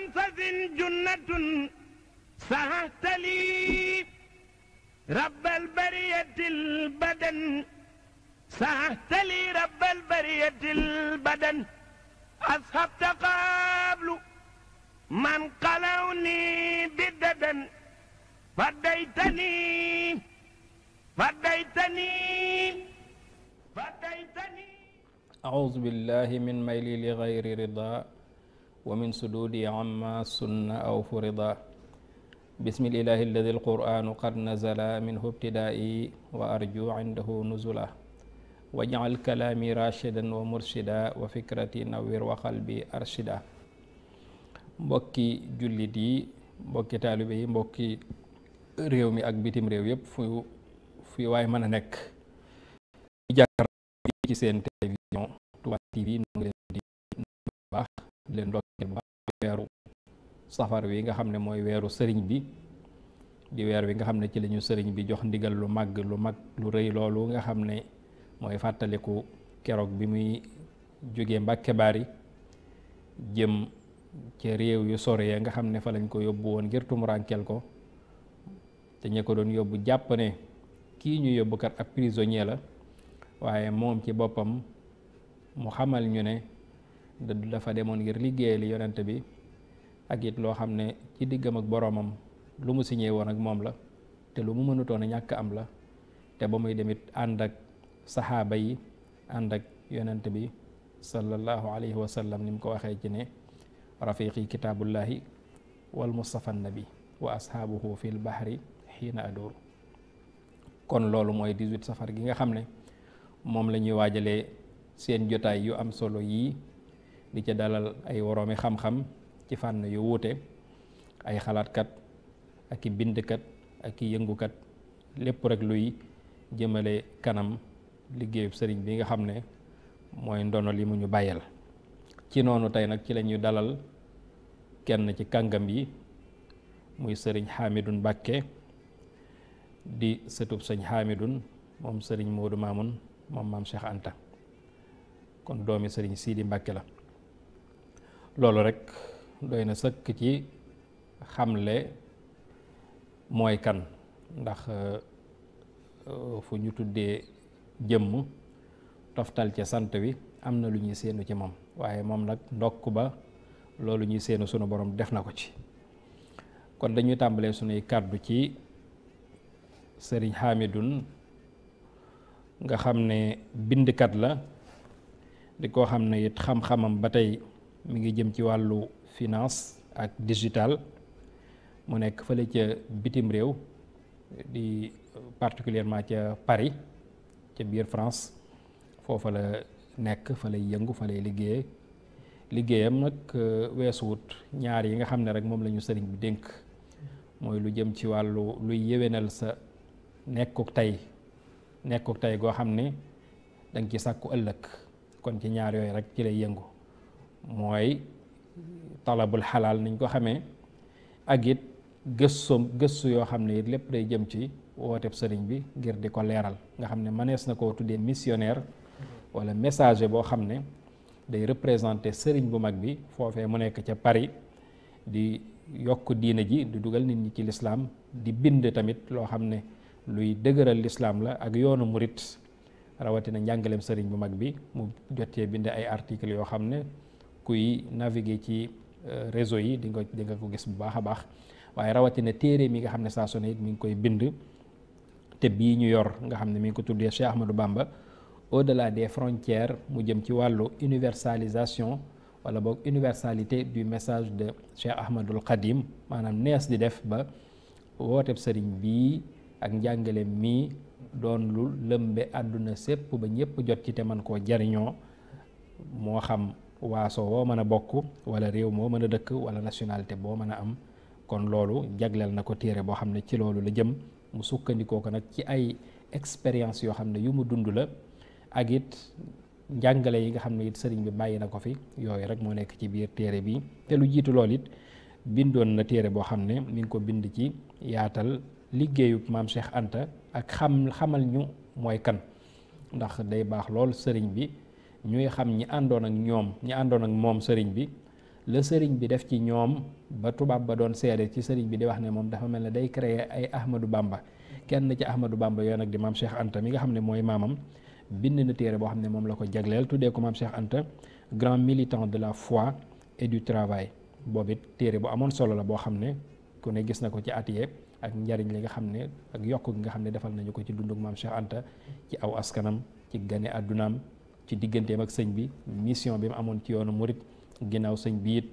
منفذ جنة سهت رب البرية البدن سهت رب البرية البدن أصحبت قبل من قلوني بددا فديتني فديتني فديتني أعوذ بالله من ميلي لغير رضا ومن سدود عما سن أو فرضا بسم الله الذي القرآن قد نزل منه ابتدائي وأرجو عنده نزلا وجعل كلامي راشدا ومرشدا وفكرتي نوير وقلبي أرشدا بكي جلدي بكي طالبي بكي ريومي أكبتم ريويب في في واي مانا جاكر في سين تيفيون تو تيفي leen ndokkeel bu baax weeru safar wi nga xam ne mooy weeru sëriñ bi di weer wi nga xam ne ci lañu sëriñ bi jox ndigal lu mag lu mag lu rëy loolu nga xam ne mooy fàttaliku keroog bi muy jógee Mbàkke Bari jëm ca réew yu sore ya nga xam ne fa lañ ko yóbbu woon ngir tumuraankeel ko te ña ko doon yóbbu jàpp ne kii ñu yóbbu kat ab prisonnier la waaye moom ci boppam mu xamal ñu ne dafa demone ngir liggéeyal yonente bi ak it lo xamne ci diggam ak boromam lu mu signé won ak mom la te lu mu mënutoon a ñàkk am la te ba muy demit and ak sahaba yi and ak yonente bi sallallahu alayhi wa sallam ko waxe ci ne rafiqi kitabullahi wal mustafa nabi wa ashabuhu fil bahri hina adur kon lolu moy 18 safar gi nga xamne mom lañuy wajale seen jotay yu am solo yi di ca dalal ay woromi xam-xam ci fànn yu wuté ay kat ak bind kat ak i kat lepp rek luy jëmele kanam liggéey sëriñ bi nga xamné ne ndono li mu ñu ci nonu tay nak ci lañu dalal kenn ci kangam yi muy sëriñ hamidun bakke di setup sëriñ hamidun mom sëriñ modou mamoun mom mam Cheikh Anta kon doomi sëriñ Sidi loolu rek doy na sëkk ci xamle mooy kan ndax euh, fu ñu tuddee jëmm toftal ca sant wi am na lu ñuy séenu ci moom waaye moom nag ndokk ba loolu ñuy séenu sunu borom def na ko ci kon dañuy tàmbalee sunuy kàddu ci sëriñ Hamidun nga xam ne bindkat la di koo xam ne it xam-xamam ba tey mi ngi jëm ci wàllu finance ak digital mu nekk fële ca bitim réew di particulièrement ca Paris ca biir France foofa la nekk fa lay yëngu fa lay liggéeye liggéeyam nag euh, weesu wut ñaar yi nga xam ne rek moom la ñu sëriñ bi dénk mooy lu jëm ci wàllu luy yéwénal sa nekkuk tey nekkuk tey goo xam ne danga ci sàkku ëllëg kon ci ñaar yooyu rek ci lay yëngu mooy talabul xalaal nañ ko xamee ak it gëssoom gëstu yoo xam ne lépp day jëm ci wooteb sëriñ bi ngir di ko leeral nga xam ne mënees na ko tuddee missionnaire wala message boo xam ne day représenter sëriñ bu mag bi foofee mu nekk ca Paris di yokk diina ji di dugal nit ñi ci lislaam di bind tamit loo xam ne luy dëgëral lislaam la ak yoonu murit rawatina njàngaleem sëriñ bu mag bi mu jotee bind ay articles yoo xam ne kuy naviguer ci euh, réseau yi di nga di nga ko gis bu baax a baax waaye rawatina téere mi nga xam ne saa su ne it mi ngi koy bind te bii ñu yor nga xam ne mi ngi ko tuddee Cheikh Ahmadou Bamba de la des frontières mu jëm ci wàllu universalisation wala boog universalité du message de Cheikh Ahmadul Khadim maanaam nees di def ba wooteb sëriñ bii ak njàngale mii doon lu lëmbe àdduna sépp ba ñëpp jot ci te man koo jariñoo moo xam waaso woo mën a bokk wala réew moo mën a dëkk wala nationalité boo mën a am kon loolu jagleel na ko téere boo xam ne ci loolu la jëm mu sukkandikoo ko nag ci ay expérience yoo xam ne yu mu dund la ak it njàngale yi nga xam ne it sëriñ bi bàyyi na ko fi yooyu rek moo nekk ci biir téere bi te lu jiitu loolu it bindoon na téere boo xam ne mi ngi ko bind ci yaatal liggéeyu maam Cheikh Anta ak xam xamal ñu mooy kan ndax day baax lool sëriñ bi ñuy xam ñi àndoon ak ñoom ñi àndoon ak moom sëriñ bi la sëriñ bi def ci ñoom ba tubaab ba doon seede ci sëriñ bi di wax ne moom dafa mel ne day créer ay Ahmadou Bamba kenn ci Ahmadou bàmba yoon nag di maam Cheikh Anta mi nga xam ne mooy maamam bind na téere boo xam ne moom la ko jagleel tuddee ko maam Cheikh Anta grand militant de la fois et du travail boobu it téere bu amoon solo la boo xam ne ku ne gis na ko ci at yee ak njariñ li nga xam ne ak yokk gi nga xam ne defal nañu ko ci dunduk maam Cheikh ci aw askanam ci gane àddunaam ci digganteem ak sëñ bi mission bi mu amoon ci yoonu murit ginnaaw sëñ bi it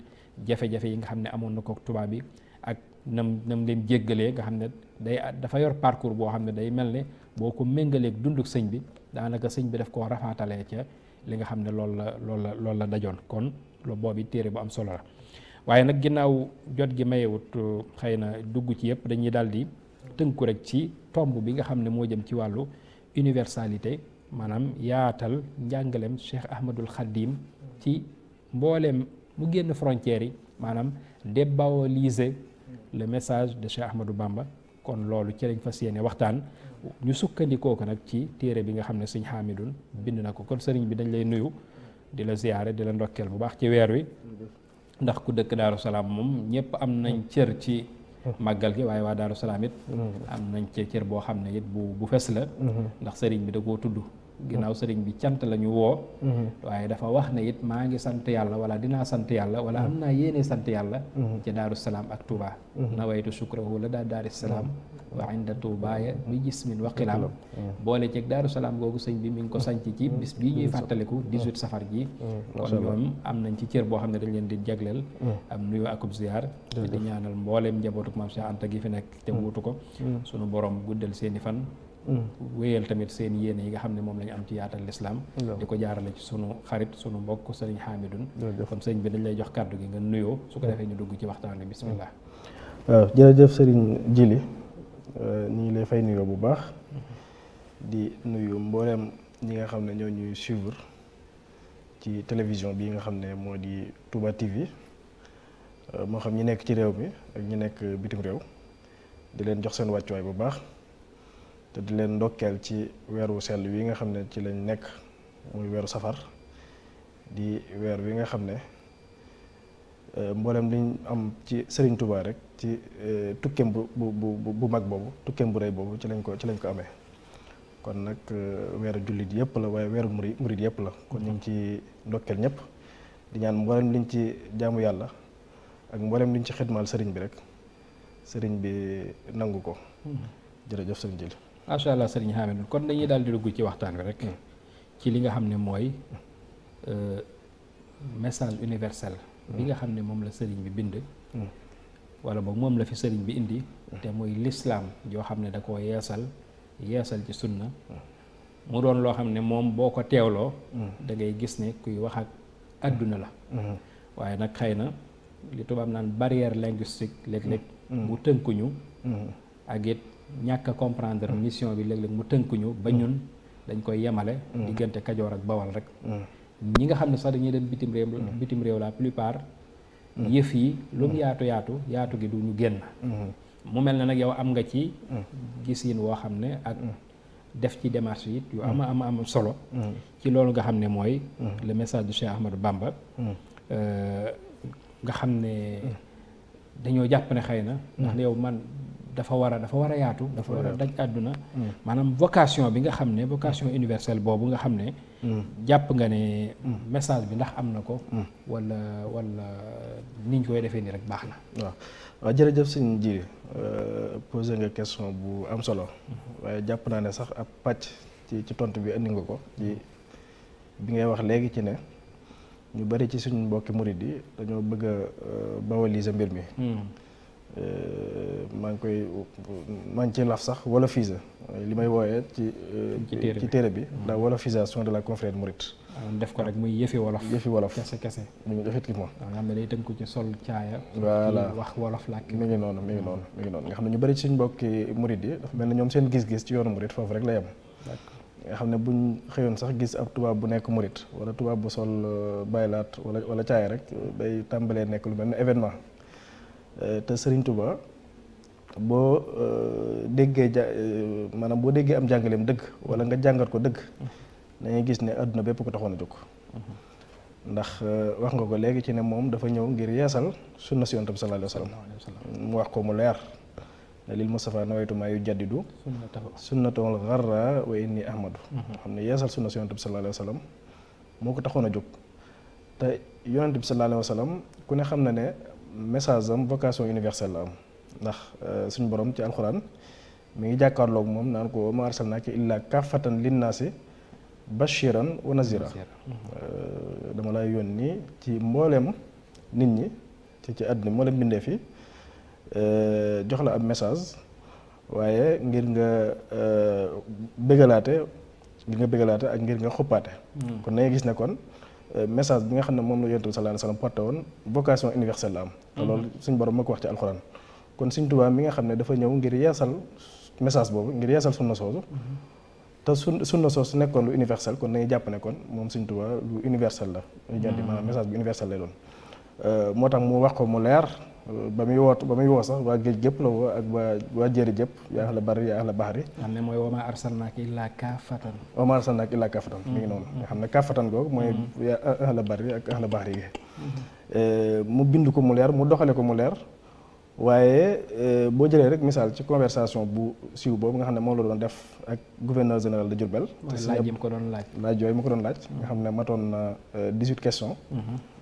jafe-jafe yi nga xam ne amoon na ko tubaab bi ak nam nam leen jéggalee nga xam ne day dafa yor parcours boo xam ne day mel ne boo ko méngaleeg dunduk sëñ bi daanaka sëñ bi daf koo rafaatalee ca li nga xam ne loolu la loolu la dajoon kon lu boobu téere bu am solo la waaye nag ginnaaw jot gi mayewut xëy na dugg ci yëpp dañuy daal di tënku rek ci tomb bi nga xam ne moo jëm ci wàllu universalité maanaam yaatal njàngaleem Cheikh Ahmadul Khadim ci mbooleem mu génn frontières yi maanaam débaoliser le message de Cheikh Ahmadou Bamba kon loolu ci lañ fas yéene waxtaan ñu sukkandikoo ko nag ci téere bi nga xam ne sëñ Xaamidun bind na ko kon sëriñ bi dañ lay nuyu di la ziyaare di la ndokkeel bu baax ci weer wi ndax ku dëkk Daaru Salaam moom ñëpp am nañ cër ci màggal gi waaye waa Daaru Salaam it mm-hmm. am nañ ci cër boo xam ne it bu bu la mm-hmm. ndax sëriñ bi da koo tudd ginnaaw sëriñ bi cant la ñu woo mhm. waaye dafa wax ne it maa ngi sant yàlla wala dinaa sant yàlla wala am mhm. naa yéene sant yàlla mhm. ci daaru salaam ak Touba nawaytu sukrahu la daa daari salaam wa inda tuubaaya bi jismin wa xilaam boole ceeg daaru salaam googu sëñ bi mi ngi ko sanc ci bis bii ñuy fàttaliku 18 safar ji kon ñoom am nañ ci cër boo xam ne dañ leen di jagleel am nuyoo akub ziar di ñaanal mbooleem njabootuk maam Cheikh Anta gi fi nekk wéyal tamit seen yéene yi nga xam ne moom lañu am ci yaatal lislaam di ko jaarale ci sunu xarit sunu mbokk sëriñ Hamidun kon sëriñ bi dañ lay jox kàddu gi nga nuyoo su ko defee ñu dugg ci waxtaan bi bismillah waaw jërëjëf sëriñ Jili euh, ñu ngi lay fay nuyoo bu baax di nuyu mbooleem ñi nga xam ne ñoo ñuy suivre ci télévision bi nga xam ne moo di Touba TV euh, moo xam ñi nekk ci réew mi ak ñi nekk bitim réew di leen jox seen wàccuwaay bu baax di leen ndokkeel ci weeru sell wi nga xam ne ci lañ nekk muy weeru safar di weer wi nga xam ne euh, mboolem liñ am ci Sëriñ Tuubaa rek ci euh, tukkeem bu bu bu bu mag boobu tukkeem bu rëy boobu ci lañ ko ci lañ ko amee kon nag euh, weeru jullit yëpp la waaye weeru muri murit yëpp la kon ñu ngi ci ndokkeel ñëpp di ñaan mboolem liñ ci jaamu yàlla ak mboolem liñ ci xidmaal sëriñ bi rek sëriñ bi nangu ko hmm. jërëjëf macha allah sëriñ Hamidou kon dañuy daal di dugg ci waxtaan wi rek ci li nga xam ne mooy euh, message universel bi nga xam ne moom la sëriñ bi bind wala boog moom la fi sëriñ bi indi te muy lislaam joo xam ne da koo yeesal yeesal ci sunna mu doon loo xam ne moom boo ko teewloo dangay gis ne kuy wax ak àdduna la waaye nag xëy na li tubaab naan barrière linguistique léeg-léeg mm. mu tënkuñu mm. ak it ñàkk comprendre mission bi léeg-léeg mu tënkuñu ba ñun dañ koy yemale mm. diggante kajoor ak bawal rek mm. ñi nga xam ne sax dañuy dem bitim réew mm. bitim réew la plupart yëf yi lu yaatu yaatu yaatu gi du ñu génn mu mel na nag yow am nga ci gis yin woo xam ne ak def ci démarche yi yu am am am solo ci loolu nga xam ne mooy le message du Cheikh Ahmadou Bamba euh, nga xam ne dañoo jàpp ne xëy ndax yow man dafa war a dafa war a yaatu dafa war a daj àdduna mm. maanaam vocation bi nga xam ne vocation universelle boobu nga xam ne mm. jàpp nga ne mm. message bi ndax am na ko wala wala niñ koy defee nii rek baax na waaw waaw jërëjëf sëñ ji euh, posé nga question bu am solo mm-hmm. waaye jàpp naa ne sax ab pàcc ci ci tontu bi indi nga ko bi ngay wax léegi ci ne ñu bari ci suñu mbokki murid yi dañoo bëgg a euh, bawaliser mbir mi Euh, maa ngi koy maa ngi ciy laf sax wala fisa li may wooyee ci. Euh, ci téere bi la wolofisation de la confrérie mouride. def ko rek muy yëfi wolof. yëfi wolof kese kese. mu ngi effectivement. waaw nga xam ne day tënku ci sol caaya. voilà wax wolof làkk. mi ngi noonu mi ngi noonu mu ngi noonu nga xam ne ñu bëri ci suñu mbokki murid yi mel ne ñoom seen gis-gis ci yoonu murid foofu rek la yem. nga xam ne buñ xëyoon sax gis ab tubaab bu nekk murid wala tubaab bu sol euh, baylaat wala wala caaya rek bay tàmbalee nekk lu mel ne événement. Euh, te Serigne Touba boo euh, déggee ja euh, maanaam boo déggee am jàngaleem dëgg wala nga jàngat ko dëgg dañuy gis ne àdduna bépp ko taxoon a jóg ndax wax nga ko léegi ci ne moom dafa ñëw ngir yeesal sunna si yonent bi sallallahu alayhi wa sallam mu wax ko mu leer lil Mustafa nawaytu maa yu jaddidu sunnatul gharra wa inni ahmadu mhm. xam ne yeesal sunna si yonent bi sallallahu moo ko taxoon a jóg te yonent bi sallallahu ku ne xam na ne message am vocation universelle la am ndax suñ borom ci alcorane mi ngi ak moom naan ko ma arsalnaaka illaa kaafatan linnaasi bashiran wa nazira dama lay yónni ci mbooleem nit ñi ci ci àdduna mbooleem bindee fi jox la ab message waaye ngir nga bëggalaate ngir nga bëggalaate ak ngir nga xuppaate kon na gis ne kon Euh, message bi nga xam ne moom la yonent bi sallallahu alayhi wasallam porté woon vocation universelle la am mhm. loolu suñ borom ma ko wax ci alxuraan kon suñ Tuubaa mi nga xam ne dafa ñëw ngir yeesal message boobu ngir yeesal na soosu mhm. te suñ sun sunna soosu nekkoon lu universel kon dañuy jàpp ne moom suñ Tuubaa lu universel la ñu mhm. message bu universel lay doon euh, moo tax mu wax ko mu leer Euh, ba muy woot ba muy woo sax waa géej gépp la woo ak waa waa jéeri gépp yaa ahla barri yaa ahla bahri xam ne mooy wama arsalnaaka illaa mi ngi mm-hmm. noonu nga xam ne kaafatan googu mooy mm-hmm. yaa ahla barri ak ahla bahri mm-hmm. euh, mu bind ko mu leer mu doxale ko mu leer waaye euh, boo jëlee rek misaal ci conversation bu siiw boobu nga xam ne moom la doon def ak gouverneur général de Diourbel laaj yi ko doon laaj laaj yooyu mu ko doon laaj nga xam ne matoon na 18 questions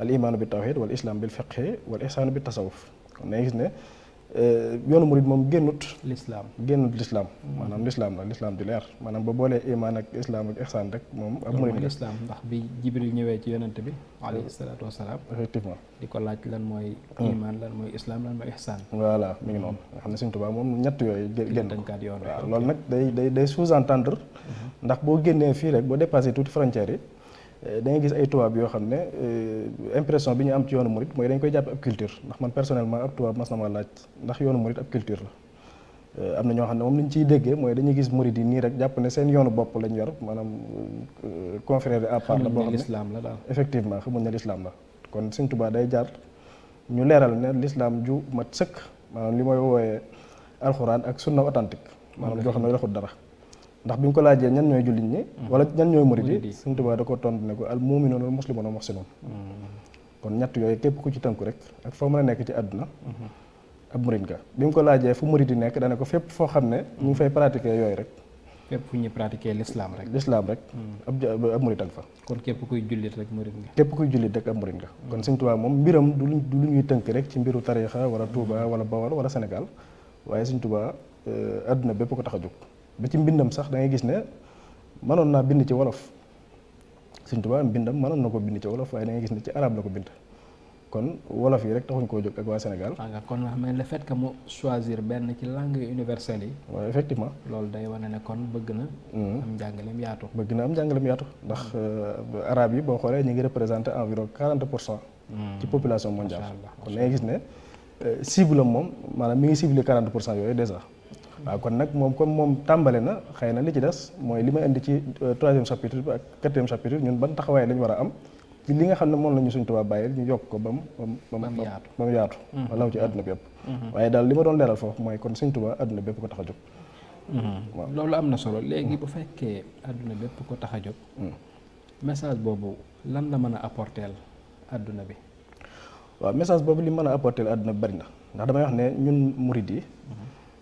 al imaanu bi tawxid wal islam bil fiqhi wal ihsaanu bi tasawuf kon dañuy gis ne euh, yoonu murid moom génnut lislaam génnut lislaam maanaam lislaam la lislaam di leer maanaam ba boolee imaan ak islaam ak ihsaan rek moom ab murid ndax bi jibril ñëwee ci yonent bi alayhi salaatu wasalaam effectivement di ko laaj lan mooy hmm. imaan lan mooy islaam lan mooy ihsaan voilà mi ngi noonu nga xam ne moom ñett yooyu génn tënkaat yoon waaw loolu nag day day day sous-entendre hmm. ndax boo génnee fii rek boo dépassé tuuti frontières yi da ngay gis ay tubaab yoo xam ne euh, impression bi ñu am ci yoonu murit mooy dañ koy jàpp ab culture ndax man personnellement ab tubaab mas na ma laaj ndax yoonu murit ab culture la euh, am na ñoo xam ne moom lañ ciy déggee mooy dañuy gis murid yi nii rek jàpp ne seen yoonu bopp lañ yor maanaam euh, confrère de apart la boo xam ne lislaam la daal effectivement xamul ne lislaam la kon Sëñ Tuubaa day jaar ñu leeral ne lislaam ju mat sëkk maanaam li mooy wooyee alxuraan ak sunna authentique maanaam joo xam ne waxut dara ndax bim ko laaje ñan ñoy jullit ñi mm. wala ñan ñoy mouride yi Sëñ da ko tontu ne ko al wal muslimun muslimuuna muhsinun mm. kon ñatt yoy kep ku ci tanku rek ak fo mën a nekk ci aduna mm-hmm. ab mouride nga bi ko laaje fu mouride yi da dana ko fep fo xamne ñu fay pratiquer yoy rek fep fu ñuy pratiquer l'islam rek l'islam rek mm. ab ab ak fa kon kep kuy jullit rek mouride nga kep kuy jullit rek ab mouride nga kon Sëñ Tuubaa mom mbiram du lu ñuy tënk rek ci mbiru tariixa wala Touba wala bawar wala senegal waye Sëñ Tuubaa aduna euh, bepp ko taxajuk ba ci mbindam sax da ngay gis ne mënoon naa bind ci wolof Sëñ Tuubaa mbindam mënoon na ko bind ci wolof waaye da ngay gis ne ci arab la ko bind kon wolof yi rek taxuñ koo jóg ak waa Sénégal. waaw ah, kon nga xam ne le que mu choisir benn ci langue universelle yi. waaw effectivement loolu day wane ne kon bëgg na. Hmm. am njàngaleem yaatu. bëgg na am njàngaleem ndax euh, arabe yi boo xoolee ñu ngi représenté environ 40 pour cent. Hmm. ci population mondiale. kon da ngay gis ne euh, cible moom maanaam mi ngi ciblé 40 pour cent yooyu déjà. waaw ah, kon nak mom comme mom tambalé na xeyna li ci dess moy li ma indi ci e chapitre ak 4e chapitre ñun ban taxaway lañ wara am ci li nga xamne mom lañu suñu tuba suñ ñu yokk ko bam bam bam yaatu ba mhm. ci aduna bi mhm. waye dal lima doon leral fofu moy kon suñu tuba aduna bépp ko tax a mhm. lolu amna solo legi bu fekke aduna bépp ko tax a hmm. message bobu lan la mëna apporter aduna bi wa message bobu li mëna apporter aduna bari na ndax dama wax ne ñun mouride yi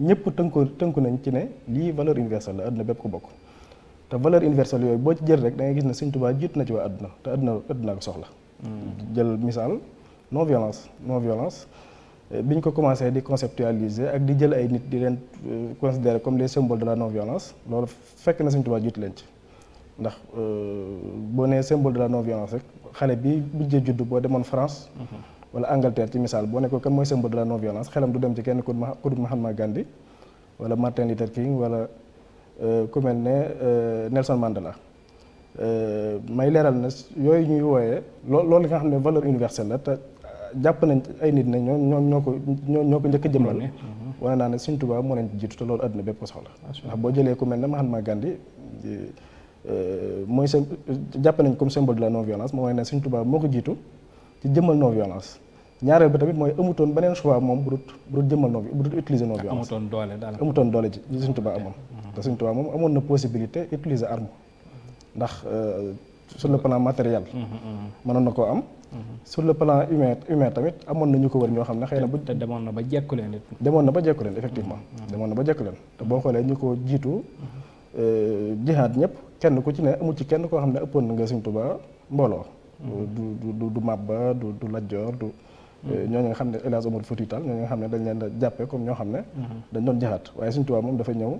ñëpp tënku tënku nañ ci ne lii valeur universelle la àdduna bépp ko bokk te valeur universelle yooyu boo ci jël rek da gis ne Sëñ Tuubaa jiitu na ci waa àdduna te àdduna àdduna soxla hmm. jël misaal non violence non violence eh, biñ ko commencé di conceptualiser ak di jël ay nit di leen eh, considérer comme les symboles de la non violence loolu fekk na Sëñ Tuubaa jiitu leen ci ndax eh, boo nee symbole de la non violence rek xale bi mujjee juddu boo demoon France hmm. wala Angleterre ci misaal boo ne ko kan mooy symbole de la non violence xelam du dem ci kenn ku dul Mahatma Gandhi wala Martin Luther King wala euh, ku mel ne euh, euh, may leeral na yooyu ñuy wooye loo loolu nga xam ne valeur universelle la te jàpp nañ ay nit ne ñoo ñoo ñoo ko ñoo ñoo ko njëkk a jëmmal wane naa ne Sëriñ Tuubaa moo leen jiitu te loolu àdduna bépp ko soxla ndax boo jëlee ku mel ne Mahatma Gandhi mooy seen jàpp nañ comme symbole de la non violence moo wane ne Sëriñ moo ko jiitu ci jëmmal non violence ñaareel ba tamit mooy amutoon beneen choix moom bu dut bu dut jëmmal non bu dut utiliser non violence amutoon doole daal amutoon doole ci li Sëriñ Tuubaa amoon te moom amoon na possibilité utiliser arme ndax euh, sur le plan matériel mm-hmm, mm-hmm. mënoon na koo am mm-hmm. sur le plan humain humain tamit amoon na ñu ko wër ñoo xam ne xëy na bu. te demoon na ba jekku leen demoon na ba jekku leen effectivement. demoon na ba jekku leen te boo xoolee ñu ko jiitu euh, jihaad ñëpp kenn ku ci ne amul ci kenn koo xam ne ëppoon na nga Sëriñ ba mbooloo. du du du Mabba du du du. Mm-hmm. Eh, ñooñu nga xam ne El Hadj Omar ñooñu nga xam ne dañ a jàppee comme ñoo xam ne. Mm-hmm. dañ doon jaxaat waaye Sëriñ Tuubaa moom dafa ñëw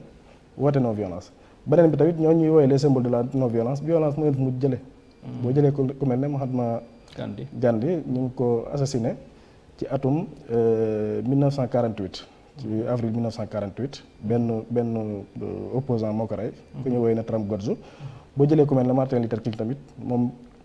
woote non violence. beneen bi tamit ñoo ñuy woowee les symboles de la non violence violence mooy mu jëlee. Mm-hmm. boo jëlee ku mel ne Mahatma Gandhi Gandhi ñu ko assassiné ci atum 1948. Eh, ci avril 1948 benn benn euh, opposant moo ko rey. ku ñu woowee ne Trump Godzu. boo jëlee ku mel ne Martin Luther King tamit moom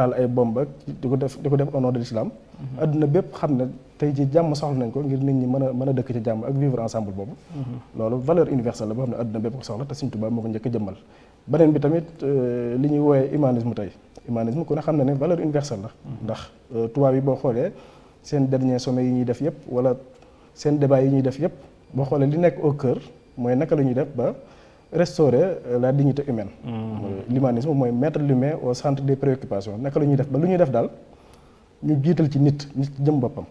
taal ay bomb ak di ko def di ko def au nom de l'islam mhm. adduna bépp xam ne tey ci jàmm soxla nañ ko ngir nit ñi mën a mën a dëkk ci jàmm ak vivre ensemble boobu mhm. loolu valeur universelle la boo xam ne adduna bépp ko soxla te Sëriñ Tuubaa moo ko njëkk a jëmmal beneen bi tamit euh, li ñuy woowee humanisme tey humanisme ku ne xam ne ne valeur universelle la mhm. ndax euh, tubaab yi boo xoolee seen dernier sommet yi ñuy def yëpp wala seen débat yi ñuy def yëpp boo xoolee li nekk au restaurer euh, la dignité humaine. l'humanisme mooy mettre l'humain au centre des préoccupations naka la ñuy def ba lu ñuy def daal ñu jiital ci nit nit jëm boppam.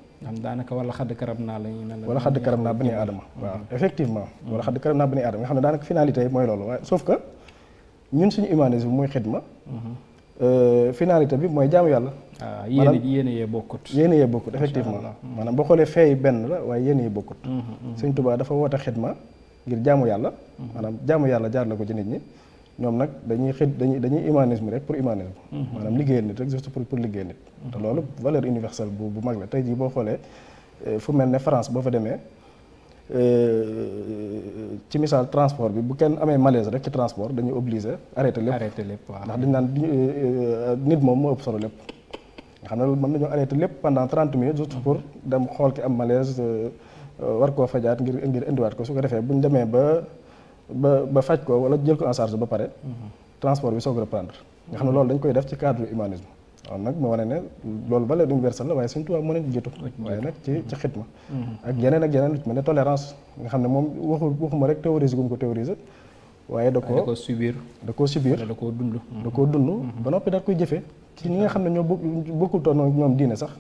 daanaka wala xadd karam naa la ñuy ne la. wala xadd karam naa bani aadama mm-hmm. waaw effectivement. wala xadd karam naa bani aadama xam ne daanaka finalité mooy loolu waaye sauf que ñun suñu humanisme mooy xidma. Mm-hmm. Euh, finalité bi mooy jaamu yàlla. Ah, maanaam yéene yee bokkut. yéene yee bokkut effectivement maanaam boo xoolee feey benn la waaye yéene yee bokkut. Mm-hmm, Sëñ Tuubaa dafa woote xidma. ngir jaamu yàlla maanaam jaamu yàlla jaar la ko ci nit ñi ñoom nag dañuy xëy dañuy dañuy humanisme rek pour humanisme mhm. maanaam liggéeyal nit rek juste pour pour liggéeyal nit te loolu valeur universelle bu bu mag la tey jii boo xoolee eh, fu mel ne France boo fa demee eh, ci misaal transport bi bu kenn amee malaise rek ci transport dañuy obligé arrêté lépp arrêté lépp waaw ndax dañ naan eh, nit moom moo ëpp solo lépp nga xam ne loolu mën nañoo arrêté lépp pendant trente minutes juste pour dem xool ki am malaise euh, war koo fajaat ngir ngir indiwaat ko su ko defee bu demee ba ba ba faj ko wala jël ko en ba pare. transport bi soog reprendre. nga xam ne loolu dañ koy def ci cadre humanisme. waaw nag moo wane ne loolu ba léegi universel la waaye suñu tubaab moo leen ci jiitu. waaye nag ci ci xitma. Mhm. ak yeneen ak yeneen lu ci mel ne tolérance nga xam ne moom waxu waxuma rek théorise gu mu ko théorise. waaye da koo da koo da koo subir da koo dund. da koo dund mhm. ba noppi daal koy jëfee. ci ñi nga xam ne ñoo bokkutoon ak ñoom diine sax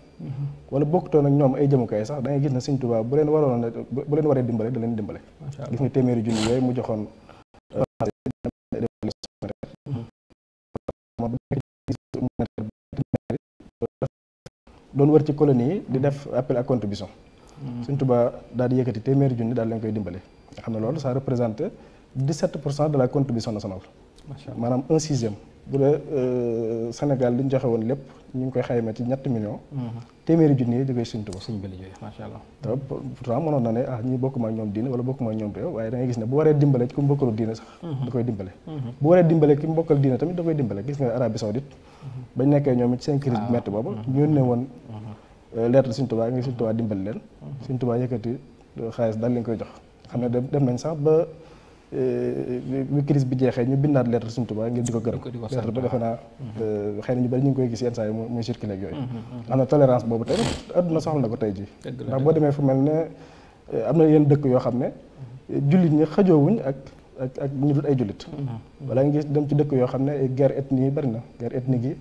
wala bokkutoon ak ñoom ay jëmukaay sax da ngay gis ne suñ Tuubaa bu leen waroon bu leen waree dimbale da leen dimbale gis nga téeméeri junni yooyu mu joxoon doon war ci colonie di def appel à contribution hmm. Sëñ Tuubaa daal di yëkkati téeméeri junni daal leen koy dimbale nga xam ne loolu ça représente 17 pour cent de la contribution nationale maanaam un sixième bu la euh, Sénégal li ñu joxe woon lépp ñu ngi koy xayma ci ñetti millions. Mm-hmm. téeméeri junni yi da koy Sëriñ Tuubaa. Sëriñ bi la jógee macha allah. te pourtant mënoon na ne ah ñi bokkuma ak ñoom diine wala bokkuma ak ñoom réew waaye da ngay gis ne bu waree dimbale ku mu bokkalul sax. Mm-hmm. da koy dimbale. Mm-hmm. bu waree dimbale ki mu bokkal tamit da koy dimbale gis nga Arabie Saoudite. bañ nekkee ñoom it seen crise bu ah, métti boobu. ne woon euh, lettre Sëriñ Tuubaa ngi Sëriñ Tuubaa dimbale leen. Sëriñ Tuubaa yëkkati ba bi crise bi jeexee ñu bindaat lettre Sëriñ Tuubaa ngeen di ko gërëm lettre ba defe naa mm-hmm. euh, xëy na ñu bari ñu ngi koy gis yenn saa yi muy circulé ak yooyu mm-hmm. am na tolérance boobu tey adduna soxla na ko tey ji ndax boo demee fu mel ne euh, am na yenn dëkk yoo xam ne jullit ñi xajoowuñ ak ak ak ay jullit mm-hmm. wala nga gis dem ci dëkk yoo xam ne ay guerre ethnie yi bari na guerre ethnique yi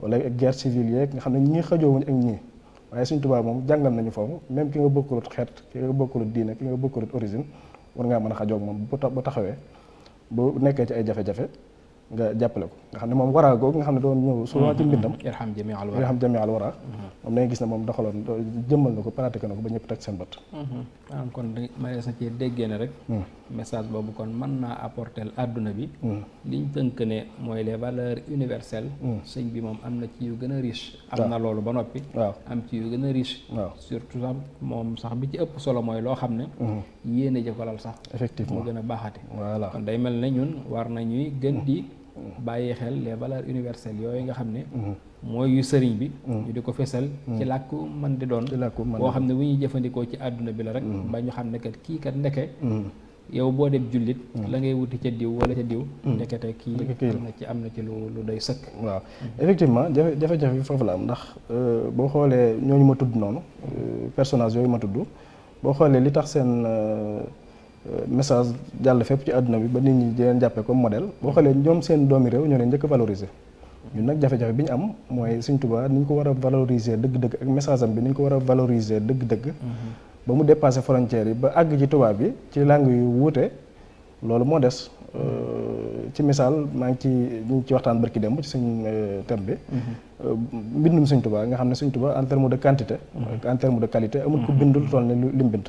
wala ak guerre civile nga xam ne ñii xajoowuñ ak ñii waaye Sëriñ Tuubaa moom jàngal nañu foofu même ki nga xeet ki nga bokkulut diine ki nga war ngaa mën a xajoog moom bu taxawee bu nekkee ci ay jafe-jafe nga jappale ko nga xam ne moom waraa googu nga xam ne doon ñëw suluwaati mbindam mm-hmm. irham jami al wara mm-hmm. moom da ngay gis na mom doxalon jëmmal na ko pratiqué na ko ba ñepp teg seen bët mm-hmm. maanaam kon res na ci déggee ne rek mm. message bobu kon man na apporter aduna bi mm. liñ teunk ne moy les valeurs universelles mm. señ bi mom amna ci yu gëna riche amna lolu ba nopi am ci yu gëna riche surtout am mom sax bi ci ëpp solo moy lo xamne ne yéene jëkkalal sax effectivement mo gëna baxati baaxati voilà kon day mel ñun war nañuy gën di bàyyi xel les valeurs universelles yooyu nga xam ne mhm. mooy yu sëriñ bi mhm. ñu di ko fesal mhm. ci làkku man di doon boo xam ne wu ñuy jëfandikoo ci àdduna bi la rek ba ñu xam ne kat kii kat ndeke yow boo dem jullit la ngay wuti ca diw wala ca diw ndekete kii am na ci am na ci lu lu doy sëkk waaw effectivement jafe jafe-jafe bi foofu la am ndax euh, boo xoolee ñooñu ma tudd noonu euh, personnage yooyu ma tudd boo xoolee li tax seen euh, message jàll fépp ci àdduna bi ba nit ñi di leen jàppee comme modèle boo xoolee ñoom seen doomi réew ñoo leen njëkk valoriser ñun nag jafe-jafe bi ñu am mooy Sëñ Tuubaa ni ñu ko war a valoriser dëgg-dëgg ak message am bi ni ko war a valoriser dëgg-dëgg mm-hmm. ba mu dépassé frontières yi ba àgg ci tubaab bi ci langue yu wuute loolu moo des euh, ci missal maa ngi ci ñu ci waxtaan barki dem ci suñ euh, thème bi mm-hmm. euh, mbindum Sëñ Tuubaa nga xam ne Sëñ Tuubaa en terme de quantité mm-hmm. en terme de qualité amul ko bindul toll ne lim bind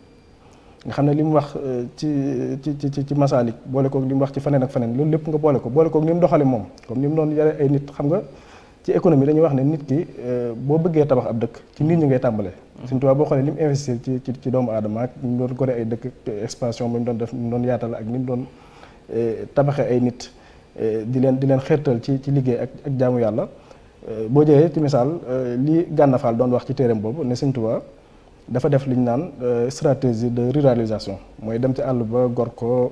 nga xam ne li mu wax euh, ci ci ci ci masaalik boole koog li mu wax ci faneen ak faneen loolu lépp nga boole ko boole koog ni mu doxale moom comme ni mu doon yare ay nit xam nga ci économie dañuy wax ne nit ki euh, boo bëggee tabax ab dëkk ci nit ñi ngay tàmbalee mm-hmm. Sëñ boo xoolee li mu investir ci ci doomu aadama ak ni mu doon gore ay doon def mu doon yaatal ak ni mu doon euh, tabaxe ay nit di leen di leen xeertal ci ci liggéey ak ak jaamu yàlla boo jëlee ci misaal li Gànna Faal doon wax ci téeram boobu ne Sëñ Tuubaa dafa def li ñu naan euh, stratégie de ruralisation mooy dem ci àll ba gor ko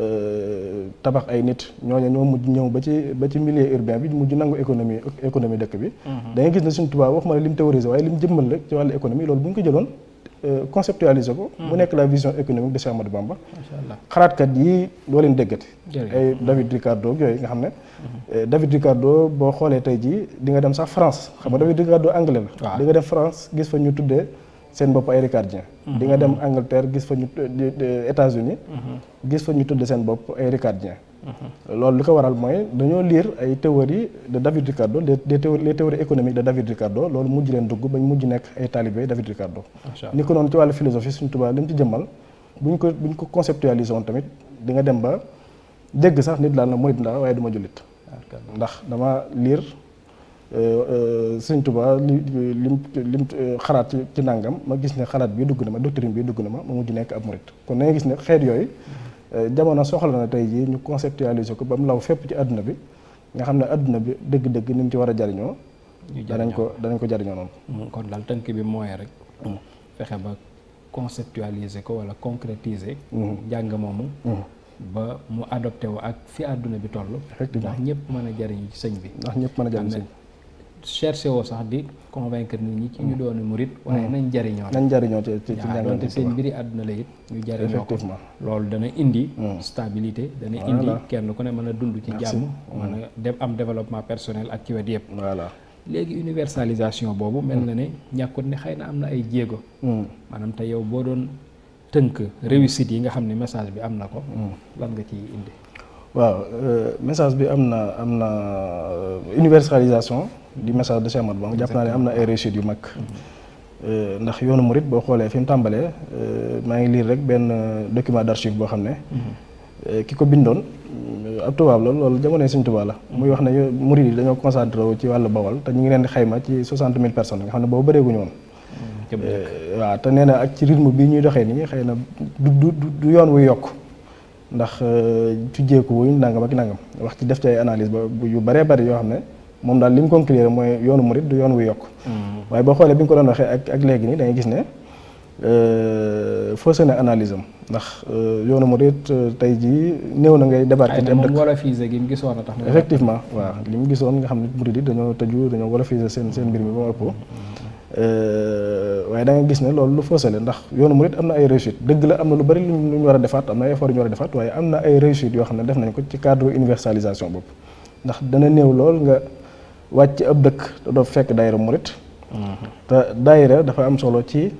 euh, tabax ay nit ñooñu ñoo mujj ñëw ba ci ba ci milieu urbain bi mujj nangu économie économie dëkk bi. Mhm. da ngay gis ne suñ tubaab ma la lim théorisé waaye lim jëmmal rek ci wàllu économie loolu bu ñu ko jëloon euh, conceptualiser ko. Mhm. mu nekk la vision économique de Cheikh Ahmadou Bamba. macha allah xalaatkat yi doo leen déggati. ay David Ricardo yooyu nga xam ne. Mhm. David Ricardo boo xoolee tey jii di nga dem sax France xam nga David Ricardo anglais la. di nga dem France gis fa ñu tuddee. sen bop ay ricardien di nga dem Angleterre gis fa ñu États-Unis mhm. gis fa ñu tudde sen bop ay ricardien mhm. lolou liko waral moy dañoo lire ay théories de David Ricardo les théories économiques de David Ricardo lolou mujj leen dugg bañ mujj nek ay talibé David Ricardo ni ko noonu ci wàllu philosophie suñu tubaab lim ci jëmmal buñ ko buñ ko conceptualiser woon tamit di nga dem ba dégg sax nit la na murit laa waaye du ndax dama lire Euh, euh, sëñ Touba li lim lim euh, xalaat ci nangam ma gis ne xalaat bii dugg na ma doctrine bi dugg na ma ma mujj nekk ab murit kon da nga gis ne xeet yooyu jamono soxla na tey jii ñu conceptualiser ko ba mu law fépp ci àdduna bi nga xam ne àdduna bi dëgg-dëgg ni mu ci war a jariñoo danañ ko danañ ko jariñoo noonu mm, kon dal tënk bi mooy rek fexe ba conceptualiser ko wala concrétiser njàng mm-hmm. moomu mm-hmm. ba mu adopté wu ak fi àdduna bi toll ndax ñëpp mën a jariñ ci sëñ bi ndax ñëpp mën a jariñu sëñ cherché woo sax di convaincre nit ñi ci ñu mm. doon murit waaye mm. nañ jariñoo nañ jariñoo ci ci doonte seen mbiri àdduna la it ñu jariñoo ko loolu dana indi mm. stabilité dana indi kenn ku ne mën a dund ci jàmm mën a dem am développement personnel ak ci wet yëpp voilà léegi universalisation boobu mel na ne ñàkkut ne xëy na am na ay jéego maanaam te yow boo doon tënk réussite yi nga xam ne message bi am na ko lan nga ci indi waaw euh, message bi am na am na euh, universalisation di message de Cheikh Ahmadou Bamba jàpp naa ne am na ay réussite yu mag euh, ndax yoonu murit boo xoolee fi mu tàmbalee euh, maa ngi lire rek benn euh, document d'archive boo xam ne mm-hmm. ki ko bindoon ab tubaab la loolu jamonoy Sëñ Tuubaa la muy wax ne murit yi dañoo concentré wu ci wàllu Bawol te ñu ngi leen di ma ci soixante mille personnes nga xam ne boobu bëreeguñu woon mm, waaw te nee na ak ci rythme bi ñuy doxee nii xëy na du du yoon wuy yokk ndax tujjeeku wuñ nangam ak nangam wax ci def ci ba yu baree bari yoo xam ne moom daal li mu conclure mooy yoonu murit du yoon wu yokk mm-hmm. waaye boo xoolee bi ñu ko doon waxee ak ak léegi nii da ngay gis ne euh, faussé na analyse am ndax euh, yoonu murit euh, tey jii néew na ngay débarqué dem dëkk wolofisé gi mu gisoon a tax effectivement mm-hmm. waaw li mu gisoon nga xam ne murit yi dañoo tëju dañoo wolofisé seen seen mbir mi ba mu ëpp mm-hmm. waaye da nga gis ne loolu lu faussé la ndax yoonu murit am na ay réussite dëgg la am na lu bari lu ñu war a defaat am na ay effort yu war a defaat waaye am na ay réussite yoo xam ne def nañ ko ci cadre universalisation boobu ndax dana wàcc ab dëkk te doo fekk daayira murit mm-hmm. te daayira dafa am solo ci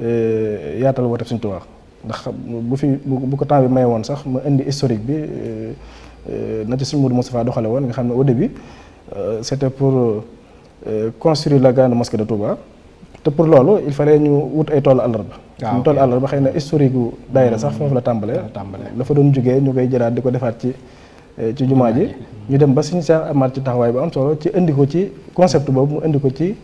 e, yaatal wooteef suñ Tuubaa ndax bu fi bu ko temps bi may woon sax ma indi historique bi e, e, na ci Sëñ Moodu Moustapha doxale woon nga xam ne au début c'était pour construire la grande mosquée de Touba te pour loolu il fallait ñu wut ay toolu àllarba. waaw ah, ñu toolu àllarba xëy na historique gu dayre sax mm-hmm. foofu la tàmbalee. la fa doon jugee ñu koy jëlaat di ko defaat ci. Euh, ci jumaa ji ñu dem ba suñu seex amaat ci taxawaay bu am solo ci indi ko ci concept boobu mu indi ko ci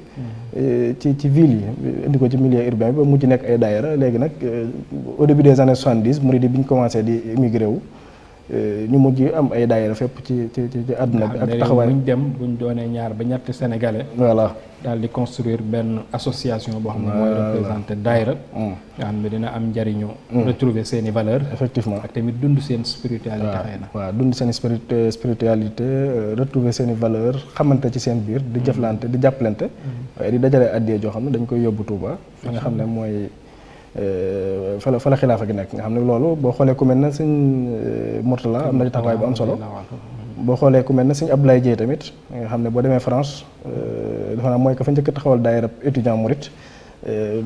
euh, ci ci ville yi indi ko ci milieu urbain bi ba mujj nekk ay daayira léegi nag euh, au début des années soixante-dix murid yi bi ñu commencé di émigré wu Euh, ñu mujj am ay daayira fépp ci ci ci àdduna bi ak taxawaay buñ dem buñ doone ñaar ba ñatt sénégalais. voilà dal di construire ben association bo xam moy représenter daayira. ñaan mm. xam dina am njariñu mm. retrouver seen i valeur effectivement ak tamit dund seen spiritualité xëy wa dund seen spiri euh, spiritualité euh, retrouver seen i valeur xamante ci seen biir di mm. jëflanté di jàppalante waaye di dajalé addee jo xam dañ koy yobbu touba nga xam moy fa la khilafa gi nek nga xam ne loolu boo ku melna ne sëñ Mourtala am na taxawaay bu am solo bo xolé ku melna ne sëñ Abdoulaye Dieye tamit nga xamne bo deme France dafa naa mooy ko fa njëkk taxawal daayira étudiant mourid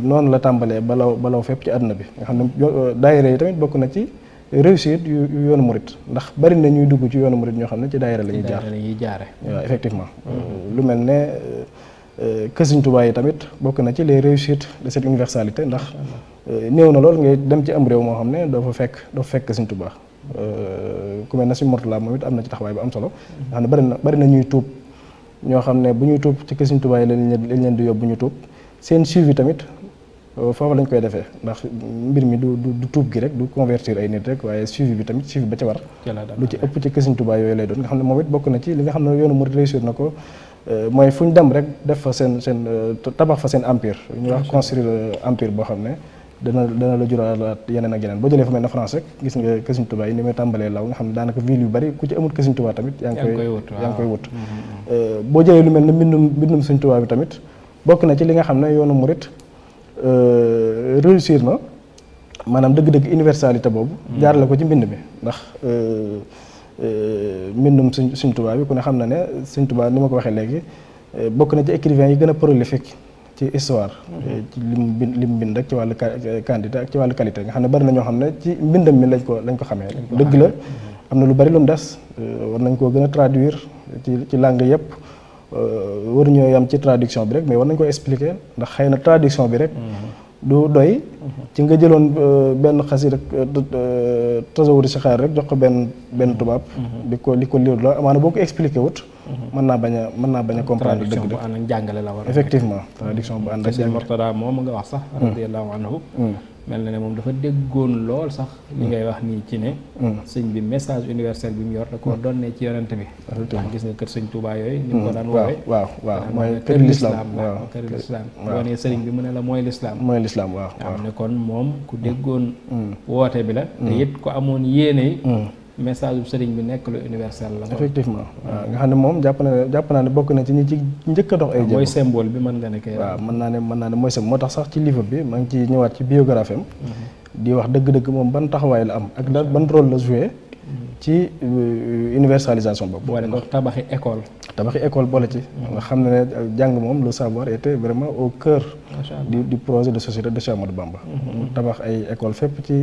non la tambalé balaw balaw fep ci aduna bi nga xamne ne daayira yi tamit bokku na ci réussite yu yoon mourid ndax bari na ñuy dugg ci yoon mourid ño xamne ci daayira la ñuy jaar waaw effectivement lu melne Euh, kër Sëriñ yi tamit bokk na ci les réussites de cette universalité ndax euh, néw na ngay dem ci am réew moo xam ne doo fa fekk doo fekk Sëriñ Touba euh, ku mel na si Mortala moom it am na ci taxawaay bu am solo ndax bari na bari na ñuy tuub ñoo xam ne bu ñuy tuub ci kër Touba yi lañ leen di yóbbu ñu tuub suivi tamit foofu lañ koy defee ndax mbir mi du du gi rek du convertir ay nit rek waaye suivi bi tamit suivi ba ci war lu ci ëpp ci Touba lay doon nga xam ne bokk na ci Euh, mooy fu ñu dem rek def fa seen seen euh, tabax fa seen empire. ñu wax construire euh, empire boo xam ne dana dana la juralaat yeneen ak yeneen boo jëlee fu mel ne France rek gis nga Kër Sëñ Tuubaa yi ni muy tàmbalee law nga xam ne daanaka ville yu bari ku ci amul Kër Sëñ Tuubaa tamit. yaa ngi koy wut mm-hmm, mm-hmm. boo jëlee lu mel ne mbindum mbindum Sëñ Tuubaa bi tamit bokk na ci li nga xam ne yoonu murit réussir na maanaam dëgg-dëgg universalité boobu. Mm-hmm. jaar ko ci mbind mi ndax. Euh, mbindum suñ suñ Tuubaa bi ku ne xam na ne suñ Tuubaa ni ma ko waxee léegi euh, bokk na ci écrivain yi gën a prolifique ci histoire. Euh, ci lim bind lim bind rek ci wàllu quantité ak ci wàll qualité nga xam ne bari na ñoo xam ne ci mbindam mi lañ ko lañ ko xamee. dëgg la am na lu bari lu mu des war nañ koo gën a traduire ci ci langue yëpp waruñoo yam ci traduction bi rek mais war nañ koo expliquer ndax xëy na traduction bi rek. Mm-hmm. du doy ci nga jëloon euh, benn xasi rek euh, tasawuri euh, si xaar rek jox ko benn benn tubaab mhm. di ko di ko liir la amaana boo ko expliqué wut mhm. mën naa bañ a mën naa bañ a comprendre dëgg dëgg jàngale la effectivement traduction bu ànd ak jàngale Mortada moom nga wax sax hmm. radiyallahu anhu hmm. mel na ne moom dafa déggoon lool sax li ngay wax nii ci ne mm. sëñ bi message universel bi mu yor da koo mm. doon ci yonent bi ndax gis nga kër sëñ Touba yooyu ni mu ko mm. daan woowee waaw waaw mooy kër lislaam waaw kër lislaam bi mu ne la mooy lislaam mooy lislaam waaw am ne kon moom ku déggoon woote bi la te it ko amoon yéene message bu sëriñ bi nekk lu universel la. effectivement waaw ah, nga xam ne moom jàpp na ne jàpp naa ne bokk na ci ñi ci njëkk a dox. ay ah, jéego mooy symbole bi mën nga ne kay. waaw mën naa ne mën naa ne mooy symbole moo tax sax ci livre bi maa ngi ci ñëwaat ci biographie am. Mhm. di wax dëgg-dëgg moom ban taxawaay la am ak lan ban rôle la joué. ci euh, universalisation boobu. boole ko tabaxi école. tabaxi école boole ci. Mhm. nga xam ne ne jàng moom le savoir était vraiment au cœur. du projet de société de Cheikh Amadou Bamba. Mhm.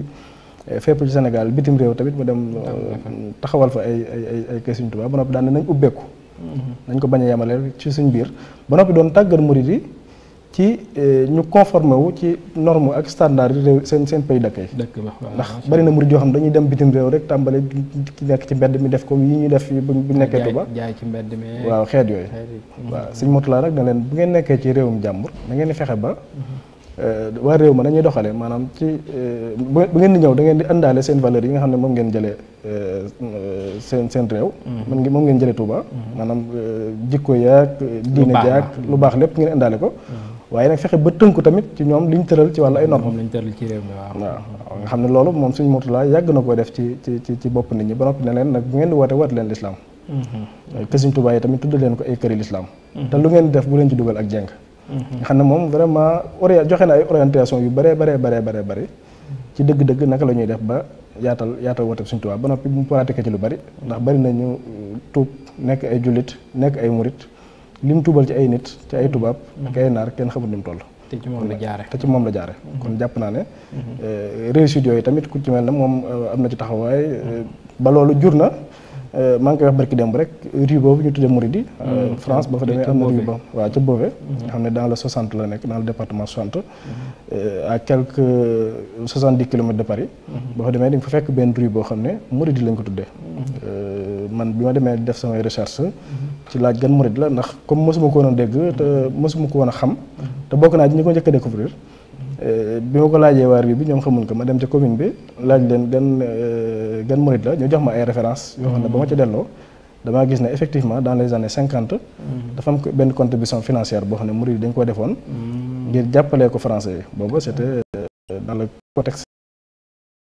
Euh, fépp ci Sénégal bitim réew tamit mu dem euh, taxawal fa ay ay ay kër Sëriñ Tuubaa ba noppi daan nañ ubbeeku dañ mm-hmm. ko bañ a yemale ci suñ biir ba noppi doon tàggat murid yi ci euh, ñu conformé wu ci norme ak standard yi réew seen seen pays d'accueil ndax bari na murid yoo xam dañuy dem bitim réew rek tàmbale nekk ci mbedd mi def comme yi ñuy def bu nekkee Tuubaa jaay ci mbedd mi waaw xeet yooyu waaw suñ motulaa nag ne leen bu ngeen nekkee ci réewum jàmbur da ngeen fexe ba mm-hmm. Euh, waa réew ma nañuy doxalee maanaam ci euh, bu ngeen di ñëw da ngeen di àndaale seen valeurs yi nga xam ne moom ngeen jëlee euh, seen seen réew. Mm-hmm. moom ngeen jële Touba. Mm-hmm. maanaam jikko yaag. diine jaag lu baax lépp ngeen àndaale ko. Mm-hmm. waaye nag fexe ba tënku tamit ci ñoom liñ tëral ci wàllu ay normes. moom liñ tëral ci réew mi waaw. nga xam ne loolu moom suñu Mourtala yàgg na ko def ci ci ci bopp nit ñi ba noppi ne leen nag bu ngeen di woote woote leen lislaam. kër Sëriñ Touba yi tamit tudd leen ko ay këri lislaam. te lu ngeen def bu leen ci dugal ak jeng nga xam ne moom vraiment ori joxe na ay orientation yu bëree bëree bëree bëree bëri ci dëgg-dëgg naka la ñuy def ba yaatal yaatal woote Sëriñ Tuubaa ba noppi bu mu pratiqué ci lu bëri ndax bëri ñu euh, tuub nekk ay jullit nekk ay murit li mu tuubal ci ay nit ci ay tubaab ak naar kenn xamul ni mu toll te ci moom la jaare te ci moom la jaare kon jàpp naa ne mhm. euh, réussite yooyu tamit ku ci mel na moom euh, am na ci taxawaay ba loolu jur na Euh, maa ngi koy wax barki démb rek rue boobu ñu tuddee Mouridi. Euh, mm-hmm. France ba fa demee am na rue ba waaw ca Beauvais. Mm-hmm. nga xam ne dans le 60 la nekk dans le département 60. Mm-hmm. Euh, à quelques 70 kilomètres de Paris. ba fa demee di nga fa fekk benn rue boo xam ne Mouridi lañ ko tuddee. man bi ma demee def samay recherche. ci laaj gan Mouride la ndax comme mosuma ko woon a dégg te mosuma ko woon a xam. te bokk naa ñi ko njëkk a découvrir. Euh, bi ma ko laajee waa réew bi ñoom xamuñ ko ma dem ca commune bi laaj leen gan gan euh, murit la ñu jox ma ay référence yoo xam ne ba ma ca delloo dama gis ne effectivement dans les années 50, mm-hmm. dafa am benn contribution financière boo xam ne murit dañ ko defoon. Mm-hmm. ngir jàppalee ko français yi boobu c'était euh, dans le contexte